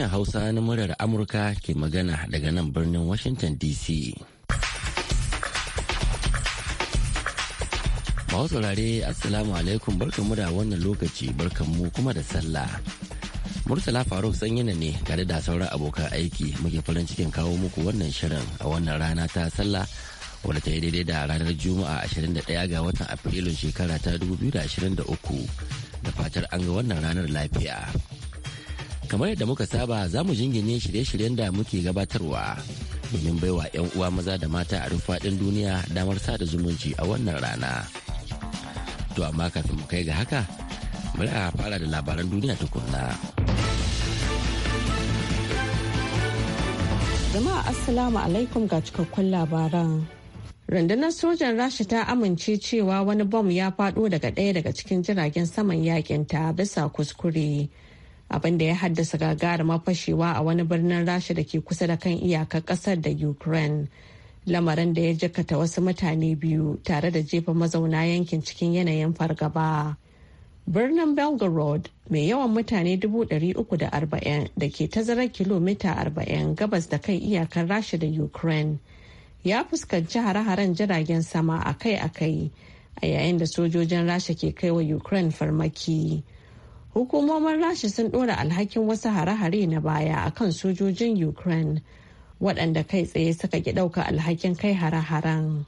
sashen Hausa na murar Amurka ke magana daga nan birnin Washington DC. saurare Assalamu alaikum barkanmu da wannan lokaci mu kuma da sallah. Murtala Faruk sanyina ne tare da sauran abokan aiki muke farin cikin kawo muku wannan shirin a wannan rana ta sallah wadda ta yi daidai da ranar Juma'a 21 ga watan Afrilun shekara ta 2023 da fatar an ga wannan ranar lafiya. kamar yadda muka saba za mu jingine shirye-shiryen da muke gabatarwa domin baiwa 'yan uwa maza da mata a rufaɗin duniya damar sada zumunci a wannan rana to amma kafin mu kai ga haka bari a fara da labaran duniya tukunna jama'a assalamu alaikum ga cikakkun labaran rundunar sojan rasha ta amince cewa wani bom ya faɗo daga ɗaya daga cikin jiragen saman yakin ta bisa kuskure abin da ya haddasa gagarumar fashewa a wani birnin rasha da ke kusa da kan iyakar kasar da ukraine lamarin da ya jikata wasu mutane biyu tare da jefa mazauna yankin cikin yanayin fargaba birnin belgorod mai yawan mutane 340 da ke tazarar kilomita 40 gabas da kan iyakar rasha da ukraine ya fuskanci hare-haren jiragen sama akai-akai a yayin da sojojin rasha ke kai wa ukraine farmaki. hukumomin rashi sun ɗora alhakin wasu hare-hare na baya a kan sojojin ukraine waɗanda kai tsaye suka ki ɗauka alhakin kai hare-haren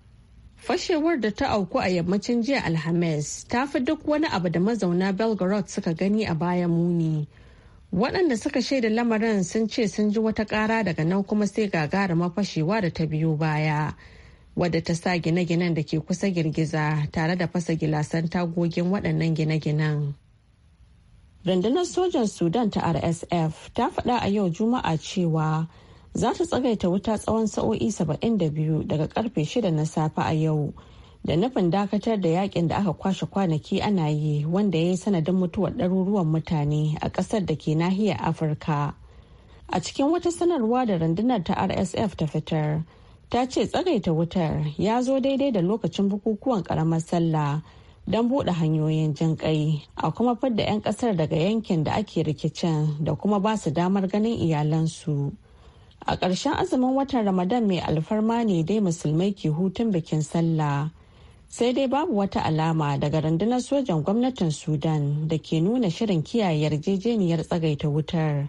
fashewar da ta auku a yammacin jiya alhamis ta fi duk wani abu da mazauna belgorod suka gani a baya muni waɗanda suka shaida lamarin sun ce sun ji wata ƙara daga nan kuma sai gagarumar fashewa da ta biyo baya wadda ta sa gine-ginen da ke kusa girgiza tare da fasa gilasan tagogin waɗannan gine-ginen rundunar sojan sudan ta rsf ta faɗa a yau juma'a cewa za ta tsagaita wuta tsawon sa'o'i 72 daga karfe 6 na safe a yau da nufin dakatar da yakin da aka kwashe kwanaki ana yi wanda ya yi sanadin mutuwar ɗaruruwan mutane a ƙasar da ke nahiyar afirka a cikin wata sanarwa da rundunar ta rsf ta fitar ta ce tsagaita wutar ya zo daidai da lokacin bukukuwan ƙaramar sallah don buɗe hanyoyin jin a kuma fidda 'yan ƙasar daga yankin da ake rikicin da kuma ba su damar ganin iyalansu a ƙarshen azumin watan ramadan mai alfarma ne dai musulmai ke hutun bikin sallah sai dai babu wata alama daga rundunar sojan gwamnatin sudan da ke nuna shirin kiyaye yarjejeniyar tsagaita wutar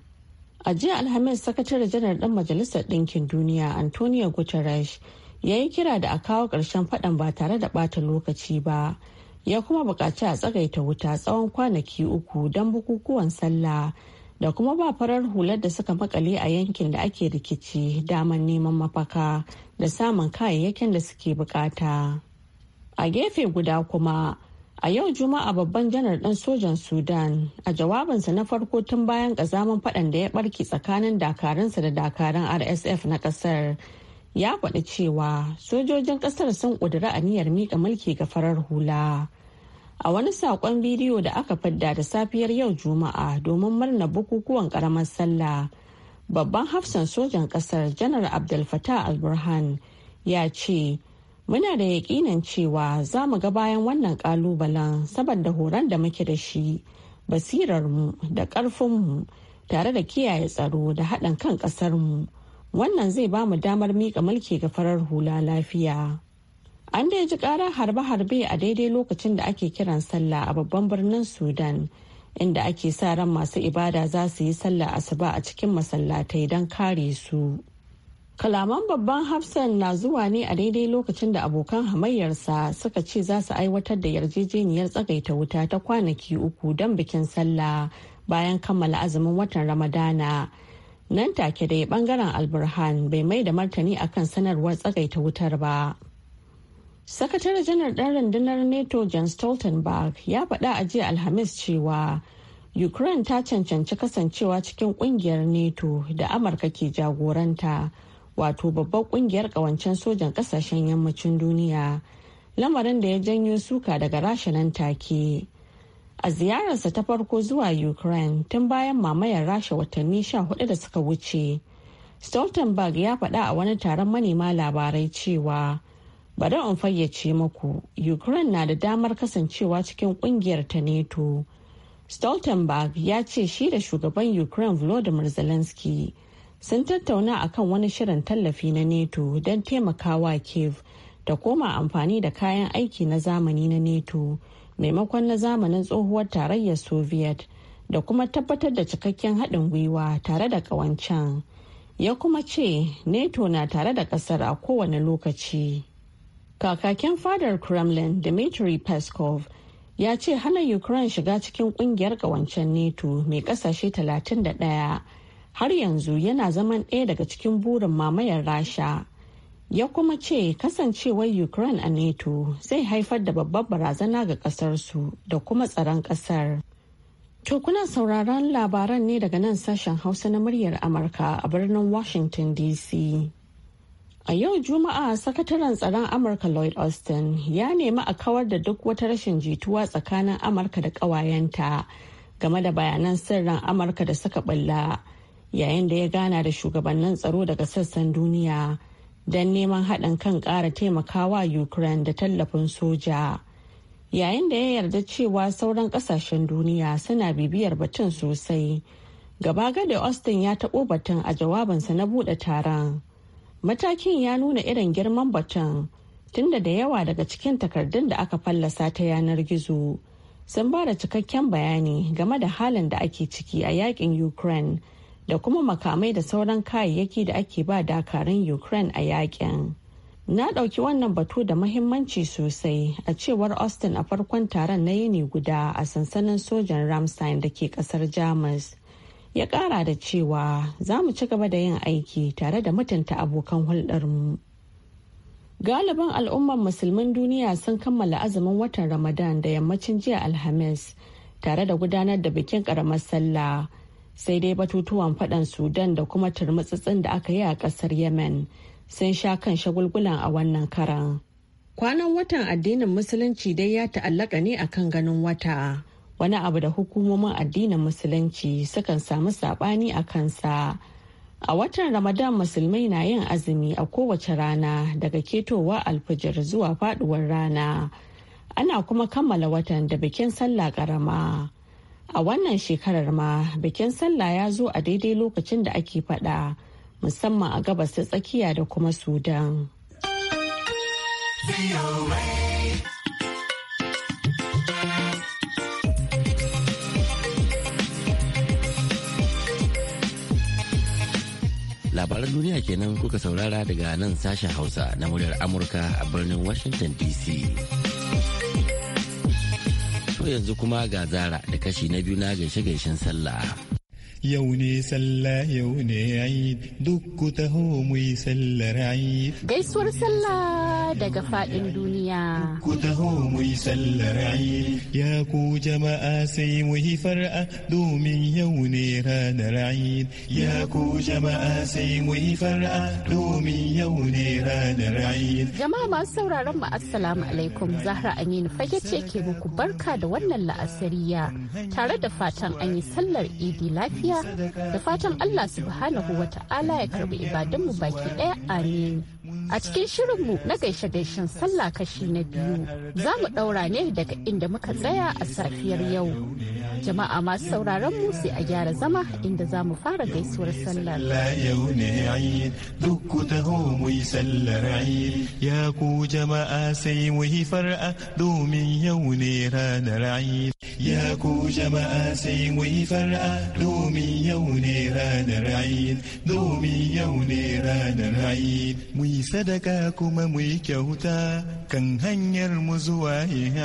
a jiya alhamis sakatare janar ɗin majalisar ɗinkin duniya antonio guterres ya yi kira da a kawo ƙarshen faɗan ba tare da ɓata lokaci ba ya kuma buƙaci a tsagaita wuta tsawon kwanaki uku don bukukuwan sallah da kuma ba farar hular da suka makale a yankin da ake rikici daman neman mafaka da samun kayayyakin da suke bukata. A gefe guda kuma, a yau Juma'a babban janar ɗan sojan Sudan a jawabinsa na farko tun bayan kazaman faɗan da ya ɓarke tsakanin dakaransa da dakaran RSF na ƙasar ya faɗi cewa sojojin ƙasar sun ƙudiri aniyar miƙa mulki ga farar hula. A wani saƙon bidiyo da aka fadda da safiyar yau Juma'a domin murnar bukukuwan ƙaramar sallah, babban hafsan sojan ƙasar janar Abdul Fattah alburhan ya ce, Muna da yaƙinan cewa za mu ga bayan wannan ƙalubalen saboda horon da muke da shi, basirarmu da ƙarfinmu tare da kiyaye tsaro da haɗin kan ƙasarmu. mu. wannan zai ba mu damar miƙa mulki ga farar hula lafiya an da ji karar harbe-harbe a daidai lokacin da ake kiran sallah a babban birnin sudan inda ake sa ran masu ibada za su yi sallah asuba a cikin masallatai don kare su kalaman babban hafsan na zuwa ne a daidai lokacin da abokan hamayyarsa suka ce za su aiwatar da yarjejeniyar tsagaita wuta ta kwanaki uku don bikin sallah bayan kammala azumin watan ramadana nan take dai bangaren alburhan bai mai da martani akan sanarwar tsagaita wutar ba sakatare janar ɗan rundunar nato john stoltenberg ya faɗa a jiya alhamis cewa ukraine ta cancanci kasancewa cikin kungiyar nato da amurka ke jagoranta wato babbar kungiyar ƙawancen sojan ƙasashen yammacin duniya lamarin da ya janyo suka daga rasha nan take a ziyararsa ta farko zuwa ukraine tun bayan mamayar rasha watanni sha hudu da suka wuce stoltenberg ya faɗa a wani taron manema labarai cewa bari in fayyace maku ukraine na da damar kasancewa cikin kungiyar ta neto stoltenberg ya ce shi da shugaban ukraine volodymyr zelensky sun tattauna akan wani shirin tallafi na neto don taimakawa kiev da koma amfani da kayan aiki na zamani na neto maimakon na zamanin tsohuwar tarayyar soviet da kuma tabbatar da cikakken haɗin gwiwa tare da ƙawancen ya kuma ce nato na tare da ƙasar a kowane lokaci kakakin fadar kremlin dmitry peskov ya ce hana ukraine shiga cikin ƙungiyar ƙawancen nato mai ƙasashe 31 har yanzu yana zaman ɗaya daga cikin burin mamayar rasha ya kuma ce kasancewar ukraine a nato zai haifar da babbar barazana ga kasarsu da kuma tsaron kasar to sauraron labaran ne daga nan sashen hausa na muryar amurka a birnin washington dc a yau juma'a sakataren tsaron amurka lloyd austin ya nemi a kawar da duk wata rashin jituwa tsakanin amurka da kawayenta game da bayanan sirrin amurka da suka bulla yayin da ya gana da shugabannin tsaro daga sassan duniya don neman haɗin kan ƙara taimakawa ukraine da tallafin soja yayin da ya yarda cewa sauran ƙasashen duniya suna bibiyar batun sosai gaba gada austin ya taɓo batun a jawabinsa na buɗe taron matakin ya nuna irin girman batun tunda da yawa daga cikin takardun da aka fallasa ta yanar gizo sun ba da cikakken bayani game da halin da ake ciki a yakin ukraine da kuma makamai da sauran kayayyaki da ake ba dakarun ukraine a yakin na ɗauki wannan batu da mahimmanci sosai a cewar austin a farkon taron na yini guda a sansanin sojan ramstein da ke ƙasar jamus ya ƙara da cewa za mu ci gaba da yin aiki tare da mutunta abokan hulɗarmu galibin al'ummar musulmin duniya sun kammala azumin watan ramadan da yammacin jiya alhamis tare da gudanar da bikin ƙaramar sallah sai dai batutuwan faɗan sudan da kuma turmutsutsun da aka yi a ƙasar yemen sun sha kan shagulgulan a wannan karan kwanan watan addinin musulunci dai ya ta'allaka ne a kan ganin wata wani abu da hukumomin addinin musulunci sukan samu saɓani a kansa a watan ramadan musulmai na yin azumi a kowace rana daga ketowa alfijir zuwa faduwar rana ana kuma kammala watan da bikin sallah ƙarama. A wannan shekarar ma bikin sallah ya zo a daidai lokacin da ake faɗa musamman a gabas ta tsakiya da kuma Sudan. Labaran duniya kenan kuka saurara daga nan sashen Hausa na muryar Amurka a birnin Washington DC. To yanzu kuma ga zara da kashi na biyu na gaishe-gaishen sallah. yau ne sallah yau ne aid duk ku taho mu yi sallar aid gaisuwar sallah daga faɗin duniya. Ku taho mu yi sallar ya ku jama'a sai mu yi far'a domin yau ne ranar Eid. Ya ku jama'a sai mu yi far'a domin yau ne ranar Eid. Jama'a masu sauraron mu assalamu alaikum Zahra Aminu fage ce ke muku barka da wannan la'asariya tare da fatan an yi sallar Idi lafiya da fatan Allah subhanahu wa ta'ala ya karbi ibadunmu baki ɗaya amin. A cikin shirinmu na gaishe-gaishen sallah kashi na biyu za mu ɗaura ne daga inda muka tsaya a safiyar yau. Jama'a masu sauraron mu sai a gyara zama inda za mu fara gaisuwar sallar. taho mu yi sallar ya ku jama'a sai mu far'a domin yau ne ranar ayi. Ya ku jama'a sai mu far'a domin yau ne ranar ayi. Domin yau ne ranar ayi. sadaka kuma mu yi kyauta kan hanyar mu zuwa yin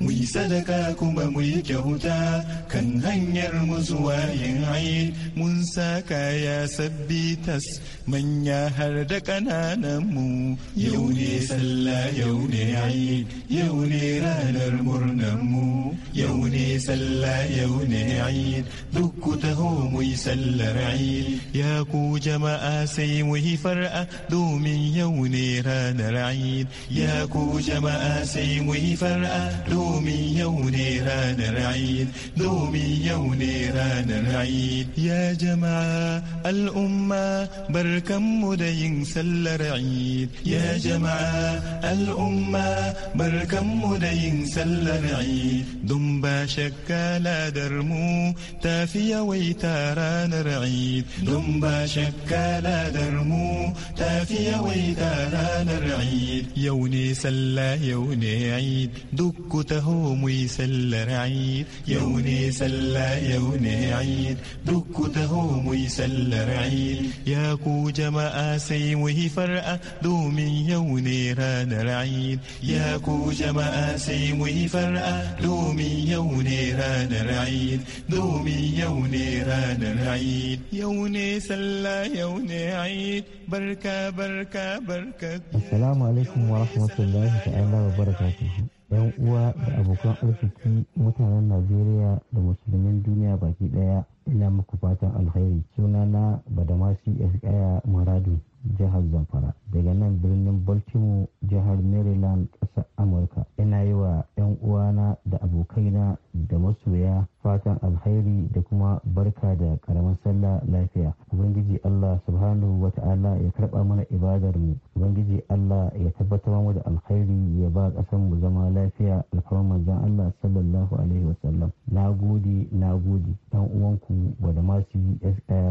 mu yi sadaka kuma mu yi kyauta kan hanyar mu zuwa yin mun sa kaya sabbi tas manya har da kananan mu yau ne sallah yau ne aid yau ne ranar murnan mu yau ne sallah yau ne aid duk ku taho mu yi sallar aid ya ku jama'a sai mu hi far'a domin من يوم ران العيد يا كوش ما أسيمي فرأة دومي يوم ران العيد دومي يوم ران العيد يا جماعة الأمة بركم مدين سل عيد يا جماعة الأمة بركم مدين سل عيد دم باشك لا درمو تافيا ويتاران رعيد دم باشك لا درمو تافيا وإذا لا نرعيد يوني سلا يوني عيد دك تهوم ويسل رعيد يوني سلا يوني عيد دك تهوم ويسل رعيد يا كو جما سي وهي فرقة دو من يوني ران رعيد يا كو جما سي وهي فرقة دومي من يوني ران رعيد دو من يوني ران رعيد يوني سلا يوني عيد barka barka barka salamu alaikum wa rahmatullahi ta'ala wa barakatuhu yan uwa da abokan arziki mutanen najeriya da musulmin duniya baki daya ina muku fatan alkhairi sunana badamasi ya tsaya maradu jihar zamfara daga nan birnin baltimore jihar maryland ƙasar amurka ina yi wa 'yan uwana da abokaina da masoya fatan alheri da kuma barka da karamar sallah lafiya ubangiji allah subhanahu wa ta'ala ya karba mana ibadar mu ubangiji allah ya tabbatar mu da alheri ya ba ƙasar mu zama lafiya alfarman manzon allah sallallahu alaihi wasallam na gode na gode dan uwanku wadda masu yi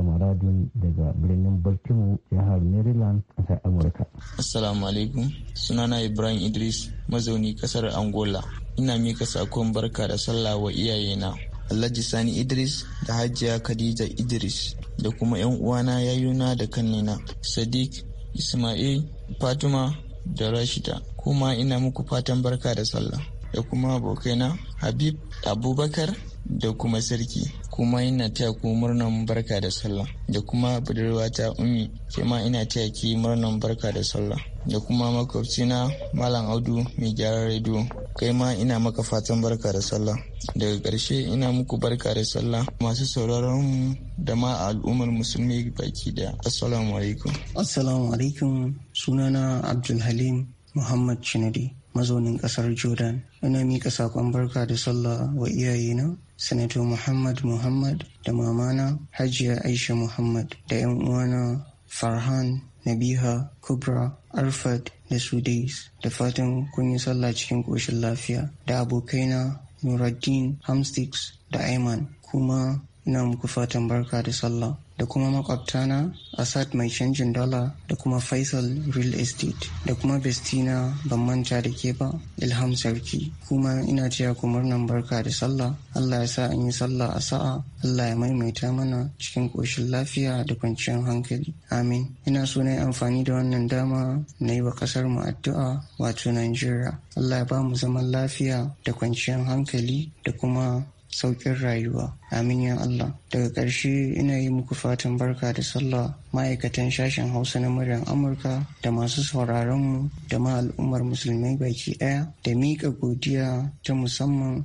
maradun daga birnin baltimore jihar maryland Maryland kasar Amurka. Assalamu alaikum. Sunana Ibrahim Idris, mazauni kasar Angola. Ina mika sakon barka da sallah wa iyayena. Alhaji Sani Idris da Hajiya Khadija Idris da kuma 'yan uwana yayuna da kannina Sadiq, Ismail, Fatima da Rashida. Kuma ina muku fatan barka da sallah. Da kuma abokaina Habib Abubakar da kuma Sarki. kuma ina taya ku murnan barka da sallah da kuma budurwa ta ummi ke ma ina taya ki murnan barka da sallah da kuma makwabcina malam audu mai gyaran rediyo kai ma ina maka fatan barka da sallah daga ƙarshe ina muku barka da sallah masu sauraron da ma al'ummar musulmi baki da assalamu alaikum assalamu alaikum sunana abdulhalim muhammad chinadi mazaunin ƙasar jordan ina mika saƙon barka da sallah wa iyayena sanato muhammad muhammad da mamana hajiya aisha muhammad da 'yan uwana farhan nabiha kubra arfad da sudais da fatan kun yi sallah cikin ƙoshin lafiya da abokaina nuraddin hamsticks da aiman kuma ina muku fatan barka da sallah da kuma makwabtana Asad mai canjin dala da kuma Faisal Real Estate da kuma Bestina ban manta da ke ba Ilham Sarki kuma ina cewa ku murnan barka da sallah Allah ya sa an yi sallah a sa'a Allah ya maimaita mana cikin koshin lafiya da kwanciyar hankali amin ina so na yi amfani da wannan dama na yi wa kasar mu addu'a wato Najeriya Allah ya ba mu zaman lafiya da kwanciyar hankali da kuma saukin rayuwa amin ya Allah daga ƙarshe ina yi muku fatan barka da sallah ma'aikatan sashen hausa na muryar amurka da masu sauraronmu da ma al'ummar musulmai baki ɗaya da miƙa godiya ta musamman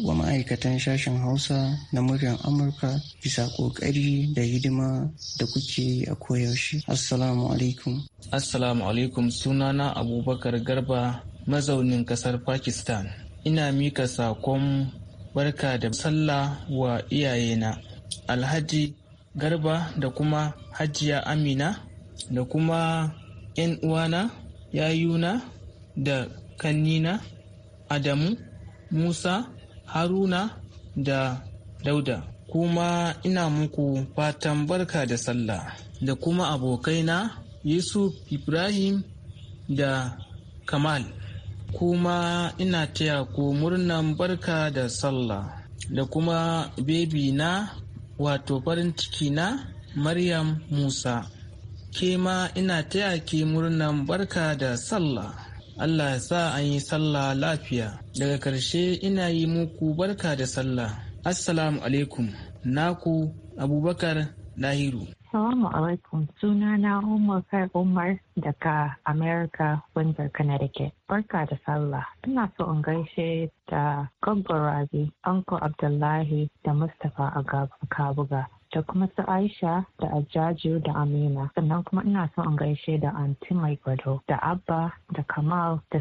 wa ma'aikatan sashen hausa na muryar amurka bisa ƙoƙari da hidima da kuke a koyaushe assalamu alaikum assalamu alaikum sunana abubakar garba mazaunin ƙasar pakistan ina mika saƙon barka da sallah wa iyayena alhaji garba da kuma hajiya amina da kuma 'yan uwana yayuna da kannina adamu musa haruna da dauda kuma ina muku fatan barka da sallah da kuma abokaina yusuf ibrahim da kamal kuma ina taya ku murnan barka da sallah da kuma bebi na wato farin ciki na maryam musa ke ma ina taya ke murnan barka da sallah allah ya sa an yi sallah lafiya daga karshe ina yi muku barka da sallah assalamu alaikum naku abubakar Nahiru. Assalamu alaikum suna na Umar Kai Umar daga America, Windsor, Connecticut. Barka da sallah. Ina so in gaishe da Gabarazi, Anko Abdullahi da Mustapha a Kabuga. da kuma su Aisha da Ajaju da Amina sannan kuma ina so in gaishe da Anti Mai da Abba da Kamal da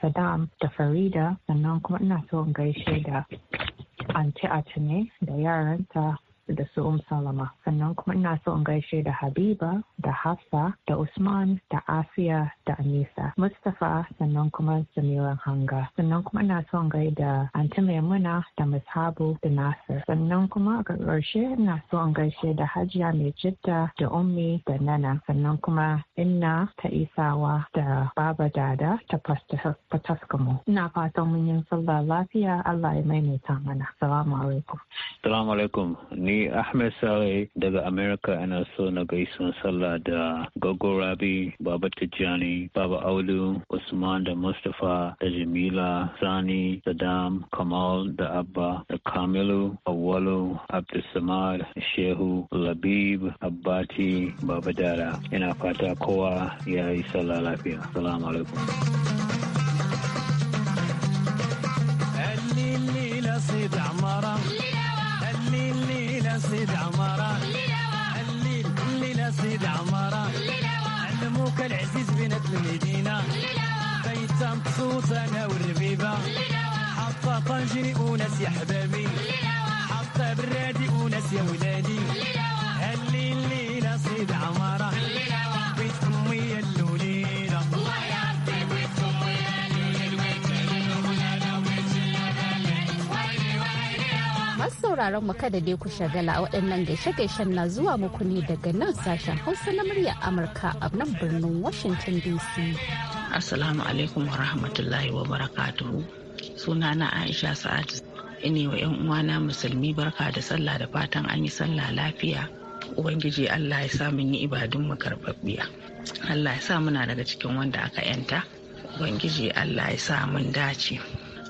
Saddam da Farida sannan kuma ina so in gaishe da Anti Atene da yaranta da su um salama sannan kuma ina so in gaishe da habiba da hafsa da usman da asiya da anisa mustapha sannan kuma zamiran hanga sannan kuma ina so in da anti maimuna da mishabu da nasir sannan kuma a ƙarshe ina so in gaishe da hajiya mai jidda da ummi da nana sannan kuma ina ta isawa da baba dada ta fataskamu ina fatan mun yi sallah lafiya allah ya maimaita mana salamu alaikum Ni Ahmed Sare daga America ana so na gaison sallah da Gogo Rabi, Baba Tijjani, Baba Aulu, Usman da Mustapha da Jamila, Sani, Saddam, Kamal da Abba da Kamilu, Awalu, Abdulsamad, Shehu, Labib, Abbati, Baba Dara. Ina fata kowa ya yi sallah lafiya. Salamu alaikum. صيد عمارة سيد عمارة الليل الليل سيد عمران علموك العزيز بنات المدينة بيت مقصوص انا والربيبة حاطة طنجري وناس يا حبابي حطة برادي وناس يا ولادي الليل الليل سيد عمارة Masu sauraron mu kada dai ku shagala a waɗannan gaishe-gaishen na zuwa muku ne daga nan sashen Hausa na muryar Amurka a nan birnin Washington DC. Assalamu alaikum wa rahmatullahi wa barakatuhu. Suna na Aisha Sa'ad. Ine wa 'yan uwana musulmi barka da sallah da fatan an yi sallah lafiya. Ubangiji Allah ya sa mun yi ibadun mu karbabbiya. Allah ya sa muna daga cikin wanda aka yanta. Ubangiji Allah ya sa mun dace.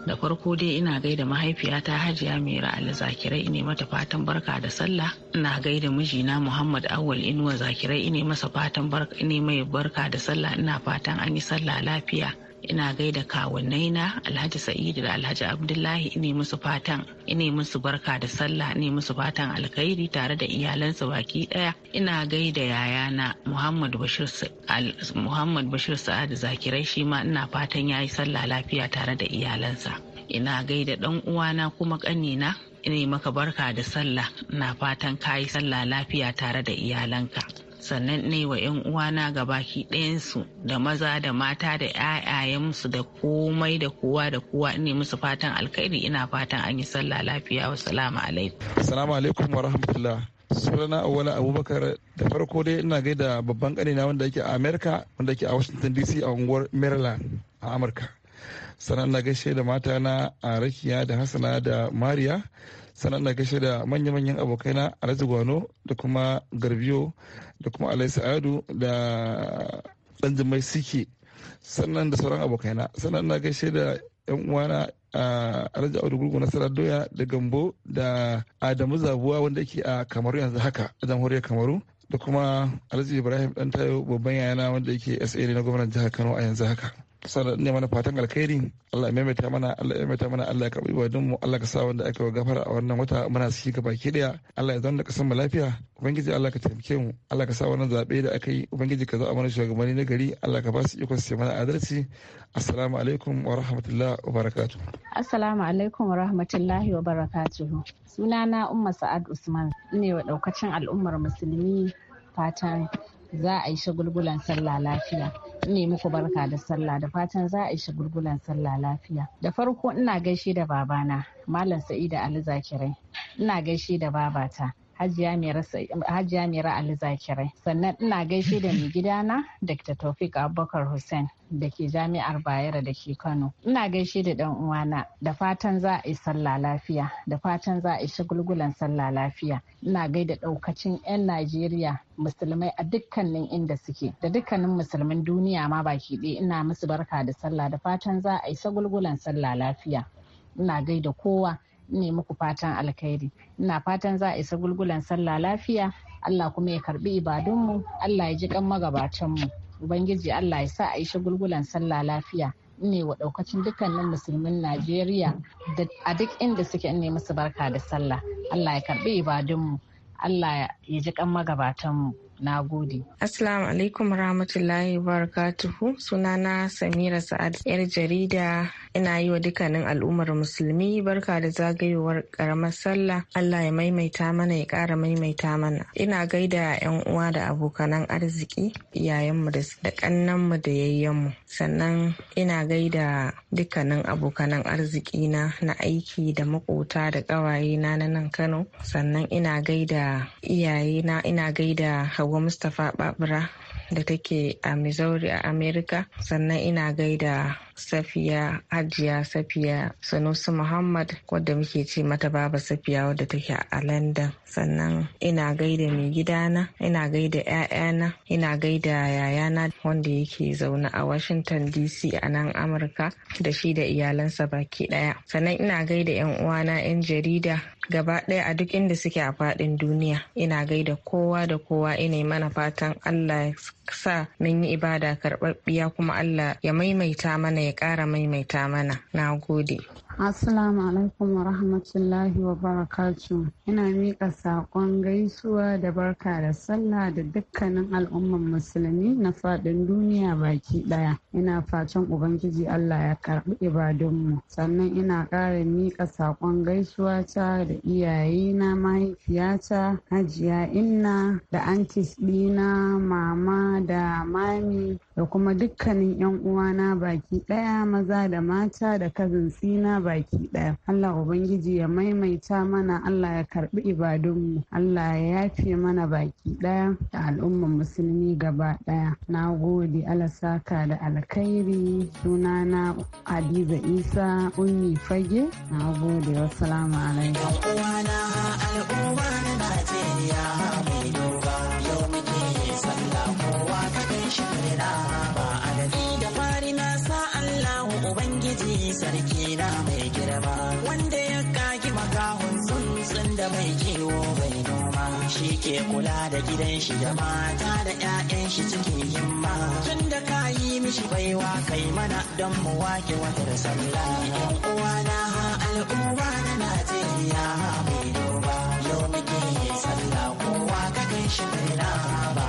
da farko dai ina gaida mahaifiyata hajiya mera ali zakirai ine mata fatan barka da sallah ina gaida mijina muhammad awal inuwa zakirai ne masa fatan barka ine mai barka da sallah ina fatan an yi sallah lafiya ina gaida kawunnai na alhaji sa'idu da alhaji abdullahi ina musu fatan ina musu barka da sallah ina musu fatan alkhairi tare da iyalansa baki daya ina gaida yayana muhammad bashir muhammad bashir sa'ad zakirai shi ma ina fatan yayi sallah lafiya tare da iyalansa ina gaida dan uwana kuma kanina ina maka barka da sallah na fatan kayi sallah lafiya tare da iyalanka sannan ne wa 'yan uwana ga baki ɗayansu da maza da mata da 'ya'yayensu da komai da kowa da kowa ne musu fatan alkhairi ina fatan an yi sallah lafiya wa salamu alaikum salamu alaikum wa rahmatullah sunana awala abubakar da farko dai ina gaida babban kanina wanda yake a america wanda yake a washington dc a unguwar maryland a amurka sannan na gaishe da matana a rakiya da hasana da mariya sannan na gaishe da manya-manyan abokaina alhaji gwano da kuma garbiyo da kuma alai sa'adu da dan jimai siki sannan da sauran abokaina sannan na gaishe da yan uwana a alhaji audu gurgu nasarar doya da gambo da adamu zabuwa wanda yake a kamaru yanzu haka a jamhuriyar kamaru da kuma alhaji ibrahim dan tayo babban yana wanda yake sa na gwamnan jihar kano a yanzu haka sanar ne mana fatan alkhairi Allah ya maimaita mana Allah ya maimaita mana Allah ya karbi ibadun mu Allah ka sa wanda aka gafara a wannan wata muna shi ga baki daya Allah ya zauna da kasan mu lafiya ubangiji Allah ka taimake mu Allah ka sa wannan zabe da aka yi ubangiji ka a mana shugabanni na gari Allah ka ba su iko su mana adalci assalamu alaikum wa rahmatullahi wa barakatuh assalamu alaikum wa rahmatullahi wa barakatuh sunana umma sa'ad usman ne wa daukacin al'ummar musulmi fatan za a yi shagulgulan sallah lafiya ne muku barka da sallah da fatan za a yi shagulgulan sallah lafiya da farko ina gaishe da babana malam sa'ida ali zakirai ina gaishe da babata Hajiya Mira Ali Zakirai. Sannan ina gaishe da mai gidana Dr. Taufik Abubakar hussain da ke Jami'ar Bayero da ke Kano. Ina gaishe da ɗan uwana da fatan za a yi sallah lafiya, da fatan za a yi shagulgulan sallah lafiya. Ina gaida ɗaukacin 'yan Najeriya musulmai a dukkanin inda suke da dukkanin musulmin duniya ma baki ɗaya ina musu barka da sallah da fatan za a yi shagulgulan sallah lafiya. Ina gaida kowa ne muku fatan alkhairi ina fatan za a isa gulgulan sallah lafiya Allah kuma ya karbi ibadunmu Allah ya ji kan magabatanmu ubangiji Allah ya sa a isa gulgulan sallah lafiya ne wa daukacin dukkanin musulmin Najeriya a duk inda suke ne musu barka da sallah Allah ya karbi ibadunmu Allah ya ji kan magabatanmu na gode assalamu alaikum rahmatullahi barakatuhu sunana samira sa'ad yar jarida ina yi wa dukkanin al'ummar musulmi barka da zagayowar karamar sallah allah ya maimaita mana ya kara maimaita mana ina gaida yan uwa da abokanan arziki iyayenmu da kannanmu da yayyenmu sannan ina gaida dukkanin abokanan arziki na na aiki da makota da ƙawayena na nan kano sannan ina gaida iyayena ina gaida hawa Hawa Mustapha Babura da take a Missouri a Amerika sannan ina gaida safiya hajiya safiya sanusi muhammad wadda muke ce mata baba safiya wadda take a london sannan ina gaida mai gidana ina gaida 'ya'yana ina gaida yayana wanda yake zaune a washington dc a nan amurka da shi da iyalansa baki daya sannan ina gaida 'yan uwana 'yan jarida gaba ɗaya a duk inda suke a faɗin duniya ina gaida kowa da kowa ina mana fatan allah ya sa mun yi ibada karɓaɓɓiya kuma allah ya maimaita mana ya ya ƙara maimaita mana. Na gode. Assalamu alaikum wa rahmatullahi wa barakatu. Ina miƙa saƙon gaisuwa da barka da sallah da dukkanin al'ummar musulmi na faɗin duniya baki ɗaya. Ina fatan Ubangiji Allah ya karɓi ibadunmu. Sannan ina ƙara miƙa saƙon gaisuwa ta da iyayena mahaifiyata, hajiya inna da antis ɗina, mama da mami da kuma dukkanin 'yan uwana baki ɗaya maza da mata da sina baki ɗaya. Allah Ubangiji ya maimaita mana Allah ya karɓi ibadunmu. Allah ya yafe mana baki ɗaya da al'ummar musulmi gaba ɗaya. Na gode alasaka da alkhairi sunana Hadiza Isa Unyi, Fage. Na gode wasu alaikum. sarki na mai girma wanda ya kagi makahon tsuntsun da mai kiwo bai noma shi ke kula da gidan shi da mata da 'ya'yan shi cikin himma tun da ka yi mishi baiwa kai mana don mu wake watar sallah yan uwa na ha al'umma na Najeriya ha mai noma yau muke sallah kowa ka kai shi bai na ba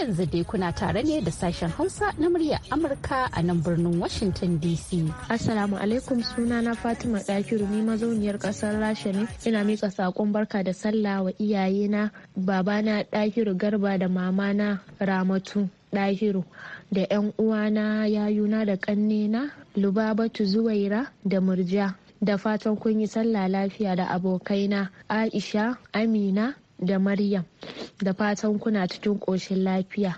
yanzu dai kuna tare ne da sashen Hausa na murya Amurka a nan birnin Washington DC. Assalamu alaikum suna na Fatima Dakiru ni mazauniyar kasar Rasha ne ina mika sakon barka da sallah wa iyayena babana Dakiru Garba da mamana Ramatu Dakiru da 'yan uwana yayuna da kannena Lubabatu Zuwaira da Murja. Da fatan kun yi sallah lafiya da abokaina Aisha, Amina da Maryam. da fatan kuna cikin ƙoshin lafiya.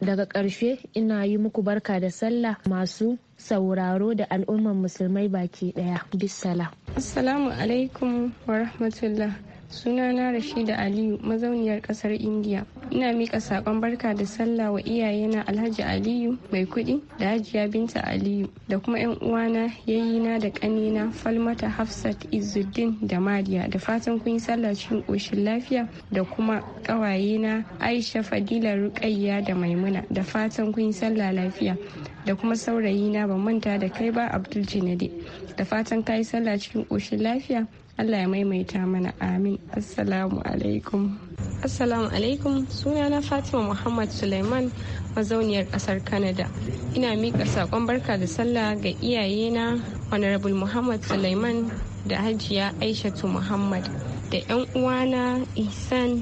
Daga ƙarshe ina yi muku barka da sallah masu sauraro da al'ummar musulmai baki ɗaya. Bisala. Assalamu alaikum wa rahmatullah. Sunana Rashida Aliyu mazauniyar ƙasar Indiya. ina mika sakon barka da sallah wa iyayena alhaji aliyu mai kuɗi da hajiya binta aliyu da kuma yan uwana yayina da kanina falmata hafsat izuddin da mariya da fatan kun yi sallah cikin koshin lafiya da kuma ƙawayena aisha fadila ruƙayya da maimuna da fatan kun yi sallah lafiya da kuma saurayina ban manta da kai ba abdul jinadi da fatan ka yi sallah cikin koshin lafiya Allah ya maimaita mana amin assalamu alaikum assalamu alaikum sunana fatima muhammad suleiman mazauniyar kasar canada ina miƙa saƙon barka da sallah ga iyayena honorable muhammad suleiman da hajiya aishatu muhammad da 'yan uwana ihsan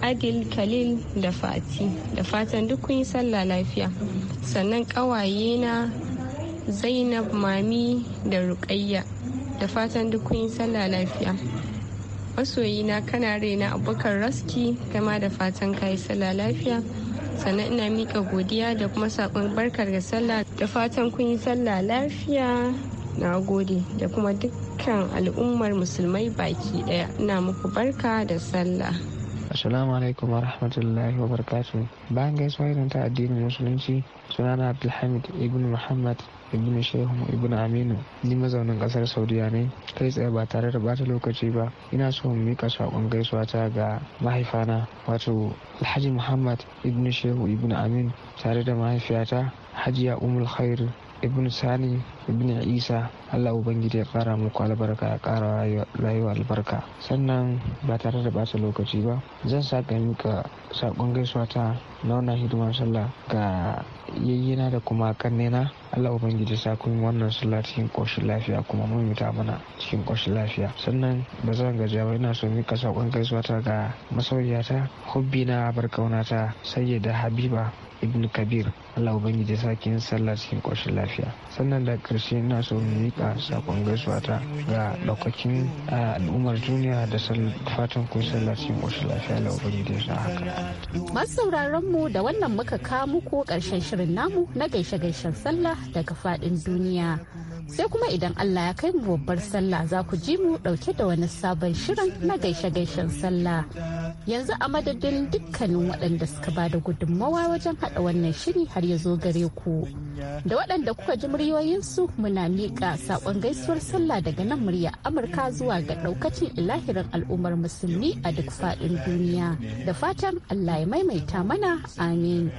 adil khalil da fati da fatan duk yi sallah lafiya sannan ƙawayena na zainab mami da ruƙayya da fatan duk kun yi sallah lafiya masoyi na kana raina abokan raski kama da fatan ka yi sallah lafiya sannan ina mika godiya da kuma saƙon barkar ga sallah da fatan kun yi sallah lafiya na gode da kuma dukkan al'ummar musulmai baki ɗaya ina muku barka da sallah Assalamu alaikum wa rahmatullahi wa barakatuh. Bayan gaisuwa irin ta addinin musulunci sunana Abdulhamid ibn Muhammad ibn Shehu ibn Aminu ni mazaunin kasar Saudiya ne kai tsaye ba tare da bata lokaci ba ina so mu mika saƙon gaisuwa ta ga mahaifana wato Alhaji Muhammad ibn Shehu ibn Amin tare da mahaifiyata Hajiya Umul Khair ibn sani ibn isa allah ubangiji ya kara muku albarka ya kara rayuwa albarka sannan ba tare da bata lokaci ba zan saka mika saƙon gaisuwa ta nauna hidimar sallah ga yayyena da kuma kannena Allah Ubangiji sa kun wannan sallah cikin koshin lafiya kuma mun mita mana cikin koshin lafiya sannan ba zan gajiya ba ina so mika sakon gaisuwa ta ga masauyata hubbi na barkauna ta sayyida habiba ibn kabir allah ubangiji sake yin sallah cikin ƙoshin lafiya sannan da ƙarshe na so mu miƙa sakon gaisuwa ta ga ɗaukakin al'ummar duniya da fatan kun sallah cikin ƙoshin lafiya allah ubangiji sa haka. masu sauraron mu da wannan muka kawo muku ƙarshen shirin namu na gaishe-gaishen sallah daga faɗin duniya sai kuma idan Allah ya kai mu babbar sallah za ku ji mu ɗauke da wani sabon shirin na gaishe-gaishen sallah yanzu a madadin dukkanin waɗanda suka ba da gudunmawa wajen haɗa yada wannan shiri har ya zo gare ku. Da waɗanda kuka ji muryoyinsu muna miƙa saƙon gaisuwar sallah daga nan murya Amurka zuwa ga ɗaukacin ilahirin al'ummar musulmi a duk faɗin duniya. Da fatan Allah ya maimaita mana amin.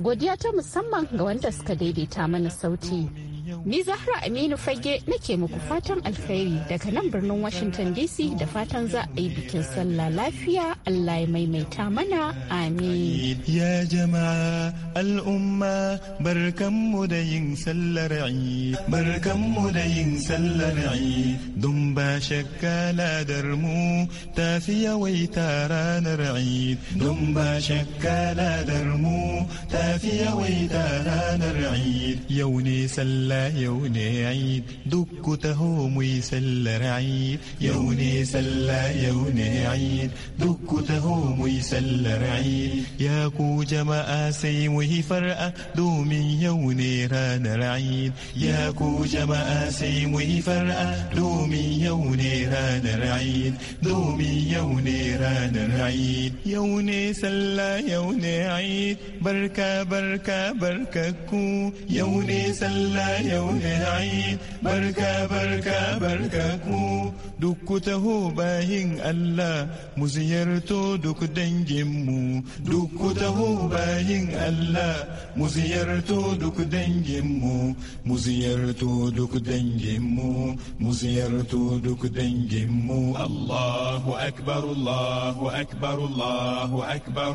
Godiya ta musamman ga wanda suka daidaita mana sauti. Ni Zahra Aminu Fage nake muku fatan alkhairi daga nan birnin Washington DC da fatan za a yi bikin sallah lafiya Allah ya maimaita mana amin. Ya jama'a al'umma barkanmu da yin sallar barkanmu da yin sallar don ba shakka ladar mu ta fi yawaita ranar don ba shakka ladar mu ta fi yawaita ranar عيد يو سلا يوني عيد دك تهوم يسل رعيد يوني سلا يوني عيد دك تهوم يسل رعيد يا كو جما سيمه فرأة دومي يوني ران رعيد يا كو جما سيمه فرأة دومي يوني ران رعيد دومي يوني ران رعيد يوني سلا يوني عيد بركة بركة بركة كو yau ne sallah yau ne barka barka barka ku duk ku taho bayin Allah mu ziyarto duk dangin mu duk ku taho bayin Allah mu ziyarto duk dangin mu mu ziyarto duk dangin mu mu ziyarto duk dangin mu Allahu akbar Allahu akbar Allahu akbar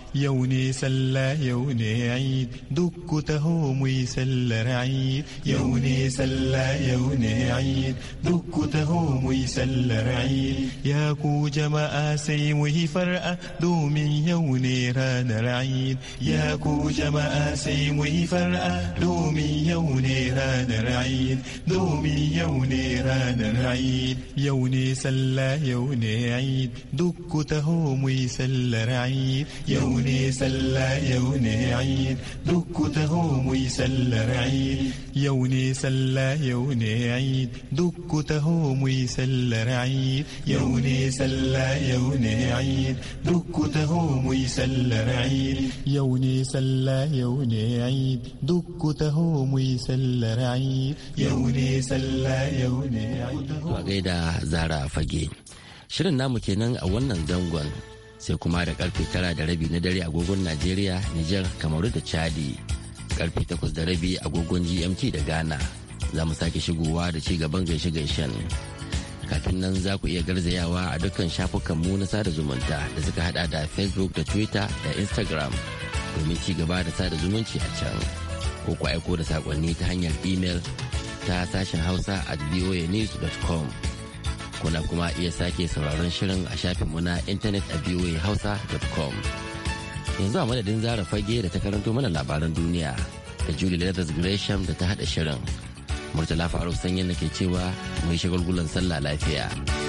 يوني سلا يوني عيد دك تهوم يسل رعيد يوني سلا يوني عيد دك تهوم يسل رعيد يا كو جما آسي وهي فرقة دومي يوني ران رعيد يا كو جما آسي وهي فرقة دومي يوني ران رعيد دومي يوني ران رعيد يوني سلا يوني عيد دك تهوم يسل رعيد يوني ne sallah yau ne ayin duk ku taho mu yi sallar ayin yau ne sallah yau ne ayin duk ku taho mu yi sallar ayin yau ne sallah yau ne ayin duk ku taho mu yi sallar ayin yau ne sallah yau ne ayin duk ku taho mu yi sallar ayin yau ne sallah yau ne aid. Wa gaida zara fage. Shirin namu kenan a wannan zangon sai kuma da karfe tara da rabi na dare agogon Najeriya, Nijar, Kamaru da Chadi. Karfe takwas da rabi agogon GMT da Ghana. Za mu sake shigowa da ci gaban gaishe-gaishen. Kafin nan za ku iya garzayawa a dukkan shafukan mu na sada zumunta da suka hada da Facebook da Twitter da Instagram domin ci gaba da sada zumunci a can. Ko ku aiko da saƙonni ta hanyar email ta sashen hausa at voanews.com. Kuna kuma iya sake sauraron shirin a shafinmu na intanet a hausa.com Yanzu a madadin zara fage da ta karanto mana labaran duniya da Julie Leathers Gresham da ta haɗa shirin. Murtala Faruk Sanyin da ke cewa mai shagulgulan sallah lafiya.